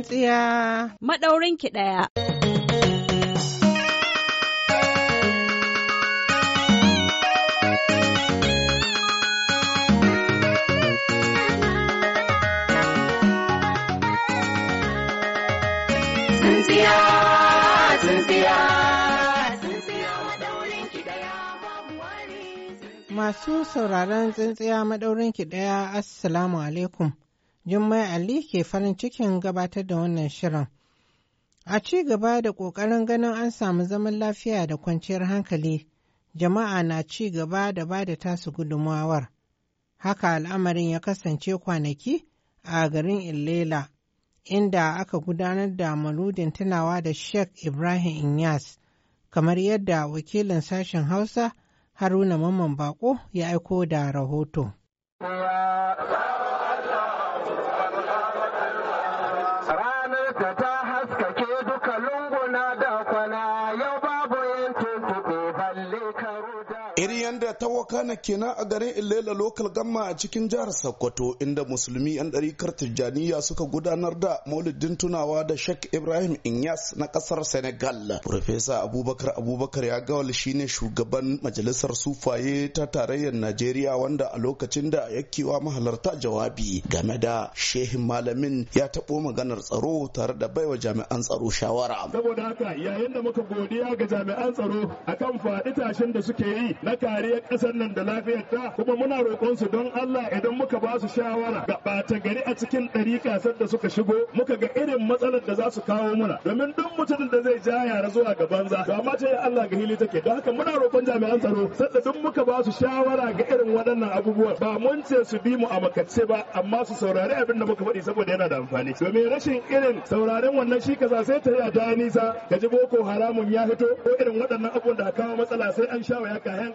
Auren tsiya. ki ɗaya. Masu sauraron tsintsiya maɗaurin ki ɗaya, Assalamu alaikum. Jummai Ali ke farin cikin gabatar da wannan shirin. A ci gaba da ƙoƙarin ganin an samu zaman lafiya da kwanciyar hankali, jama'a na ci gaba da ba da tasu gudunmawar. Haka al'amarin ya kasance kwanaki a garin Ilela, inda aka gudanar da maludin tunawa da Sheikh Ibrahim Inyas, kamar yadda wakilin sashen Hausa Haruna Mamman Bako ya aiko da rahoto. iri yadda ta na kenan a garin ilela lokal gamma a cikin jihar sokoto inda musulmi yan ɗarikar tijjaniya suka gudanar da maulidin tunawa da sheikh ibrahim inyas na ƙasar senegal Profesa abubakar abubakar ya gawal shine shugaban majalisar sufaye ta tarayyar najeriya wanda a lokacin da ya kewa mahalarta jawabi game da shehin malamin ya taɓo maganar tsaro tare da baiwa jami'an tsaro shawara saboda haka yayin da muka godiya ga jami'an tsaro akan faɗi tashin da suke yi na kariyar ƙasar nan da lafiyar ta kuma muna roƙon su don Allah idan muka ba su shawara ga ɓata gari a cikin ɗari kasar da suka shigo muka ga irin matsalar da za su kawo muna domin duk mutumin da zai ja yara zuwa ga banza to amma ta Allah ga hili take don haka muna roƙon jami'an tsaro sadda duk muka ba su shawara ga irin waɗannan abubuwa, ba mun ce su bi mu a makace ba amma su saurari abin da muka faɗi saboda yana da amfani domin rashin irin sauraren wannan shi kaza sai ta yi a ta nisa ka ji ko haramun ya fito ko irin waɗannan abubuwan da kawo matsala sai an sha wa kayan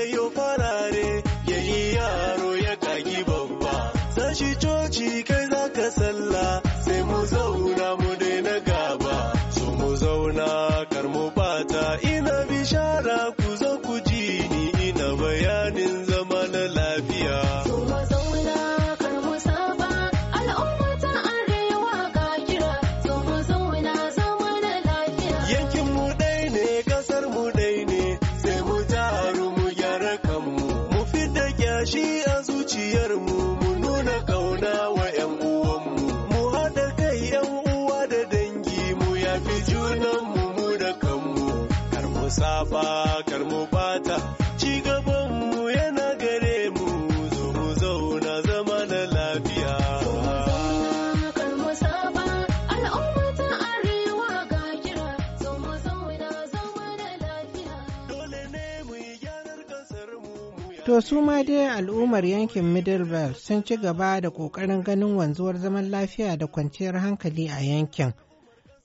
To su ma dai al'ummar yankin Middle Belt sun ci gaba da ƙoƙarin ganin wanzuwar zaman lafiya da kwanciyar hankali a yankin.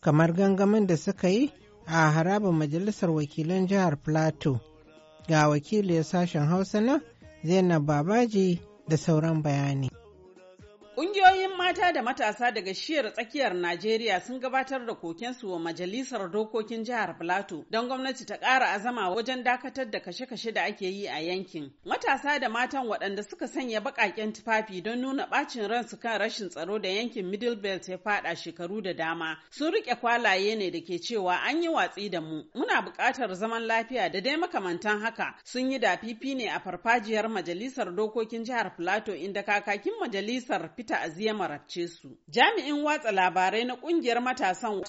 Kamar gangamin da suka yi a harabin Majalisar Wakilan Jihar Plateau. Ga wakilin sashen Hausa na Zainab Babaji da sauran bayani. Mata da matasa daga shiyar tsakiyar Najeriya sun gabatar da kokensu wa Majalisar Dokokin Jihar Plateau don gwamnati ta ƙara azama wajen dakatar da kashe-kashe da ake yi a yankin. Matasa da matan waɗanda suka sanya baƙaƙen tufafi don nuna ɓacin ransu kan rashin tsaro da yankin Middle Belt ya faɗa shekaru da dama sun riƙe kwalaye ne da ke cewa an yi watsi da mu. Muna buƙatar zaman lafiya da dai makamantan haka sun yi dafifi ne a farfajiyar Majalisar Dokokin Jihar Plateau inda kakakin majalisar Peter Aziyama Marabci su. Jami'in watsa labarai na ƙungiyar matasan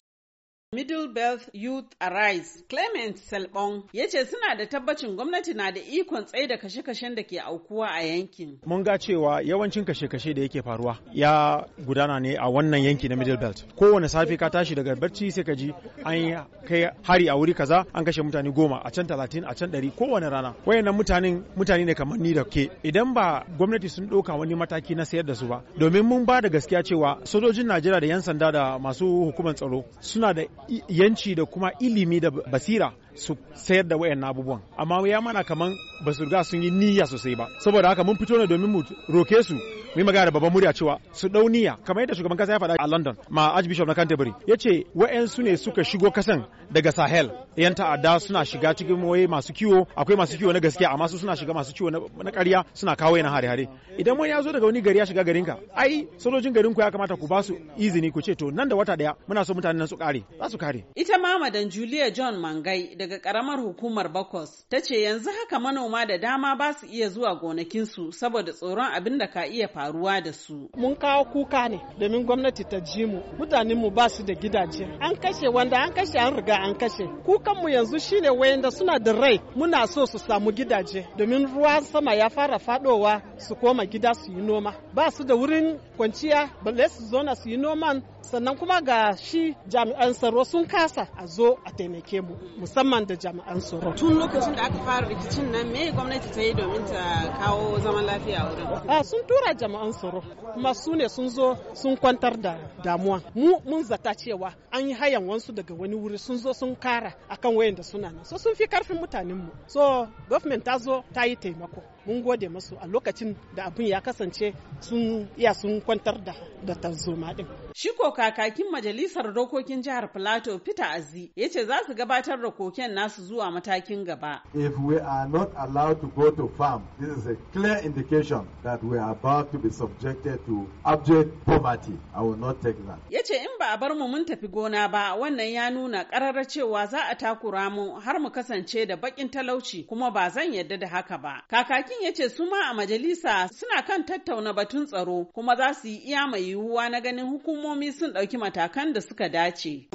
Middle Belt Youth Arise, Clement Selbon ya ce suna da tabbacin gwamnati na da ikon tsaye da kashe-kashen da ke aukuwa a yankin. Mun ga cewa yawancin kashe-kashe da yake faruwa ya gudana ne a wannan yanki na Middle Belt. Kowane safe ka tashi daga barci sai ka ji an kai hari a wuri kaza an kashe mutane goma a can talatin a can ɗari kowane rana. Wayannan mutanen mutane ne kamar ni da ke. Idan ba gwamnati sun ɗauka wani mataki na sayar da su ba. Domin mun ba da gaskiya cewa sojojin Najeriya da 'yan sanda da masu hukumar tsaro suna da yanci da kuma ilimi da basira su sayar da wayan abubuwan amma ya mana kaman ba su riga sun yi niyya sosai ba saboda haka mun fito ne domin mu roke su mu magana da babban murya cewa su dau niyya kamar yadda shugaban kasa ya faɗa a London ma Archbishop na Canterbury yace su ne suka shigo kasan daga Sahel yan ta'adda suna shiga cikin waye masu kiwo akwai masu kiwo na gaskiya amma su suna shiga masu kiwo na ƙarya suna kawo yana hare-hare idan mun ya zo daga wani gari ya shiga garinka ai sojojin garin garinku ya kamata ku ba su izini ku ce to nan da wata daya muna so mutanen nan su kare za su kare ita ma madan Julia John Mangai daga karamar hukumar Bakos ta ce yanzu haka manoma da dama ba su iya zuwa gonakinsu saboda tsoron abin da ka iya faruwa da su. Mun kawo kuka ne domin gwamnati ta ji mu mutanen mu ba su da gidaje an kashe wanda an kashe an riga an kashe kukan mu yanzu shine wayanda suna da rai muna so su samu gidaje domin ruwa sama ya fara fadowa su koma gida su yi noma ba su da wurin kwanciya balle su zona su yi noman sannan kuma ga shi jami'an tsaro sun kasa a zo a taimake mu musamman da jami'an tsaro tun lokacin da aka fara rikicin nan me gwamnati ta yi domin ta kawo zaman lafiya a wurin sun tura jami'an tsaro kuma su ne sun zo sun kwantar da damuwa mu mun zata cewa an yi hayan wansu daga wani wuri sun zo sun kara akan da suna nan so sun fi karfin mutanen mu so government ta zo ta yi taimako mun gode masu a lokacin da abin ya kasance sun iya sun kwantar da da tarzoma din shi ko kakakin majalisar dokokin jihar Plateau Peter Azzi ya ce za su gabatar da koken nasu zuwa matakin gaba if we are not allowed to go to farm this is a clear indication that we are about to be subjected to abject poverty i will not take that yace in ba a bar mu mun tafi gona ba wannan ya nuna kararra cewa za a takura mu har mu kasance da bakin talauci kuma ba zan yadda da haka ba kakakin Sarkin ya ce su ma a majalisa suna kan tattauna batun tsaro kuma za su yi iya mai yiwuwa na ganin hukumomi sun ɗauki matakan da suka dace.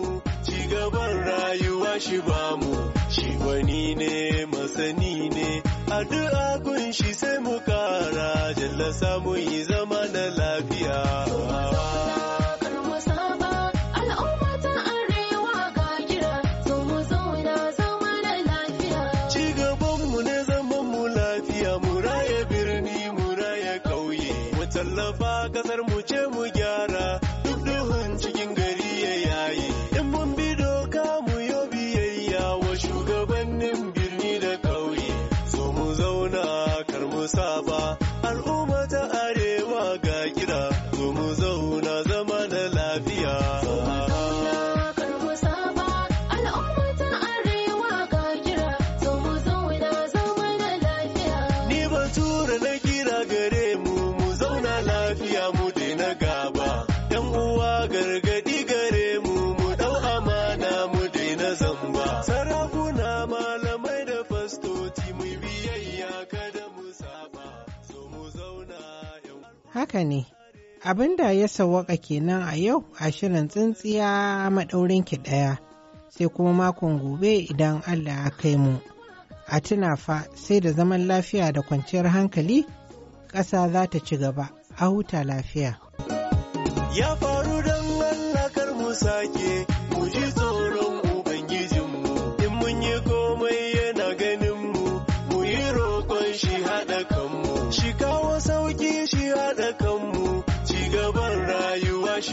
Cigaban rayuwa shi bamu, shi wani ne masani ne, addu'a kun shi sai mu kara, jalla samu yi zama na lafiya. tallafa kasar mu ce mu gyara duk duhun cikin gari ya yayi in mun bi doka mu yo biyayya wa shugabannin birni da ƙauye so mu zauna kar mu saba al'umma ta arewa ga kira so mu zauna zama da lafiya Haka ne, abin da ya sawaka kenan a yau a shirin tsintsiya maɗaurinki ɗaya, sai kuma makon gobe idan Allah ya kai mu. A tuna fa sai da zaman lafiya da kwanciyar hankali, ƙasa za ta ci gaba, a huta lafiya. Ya faru don mallakar mu sake, ji tsoron Ubangijinmu, in mun yi komai yana ganin mu yi roƙon shi haɗa kanmu, shi kawo sauƙi shi haɗa kanmu.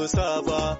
musa ba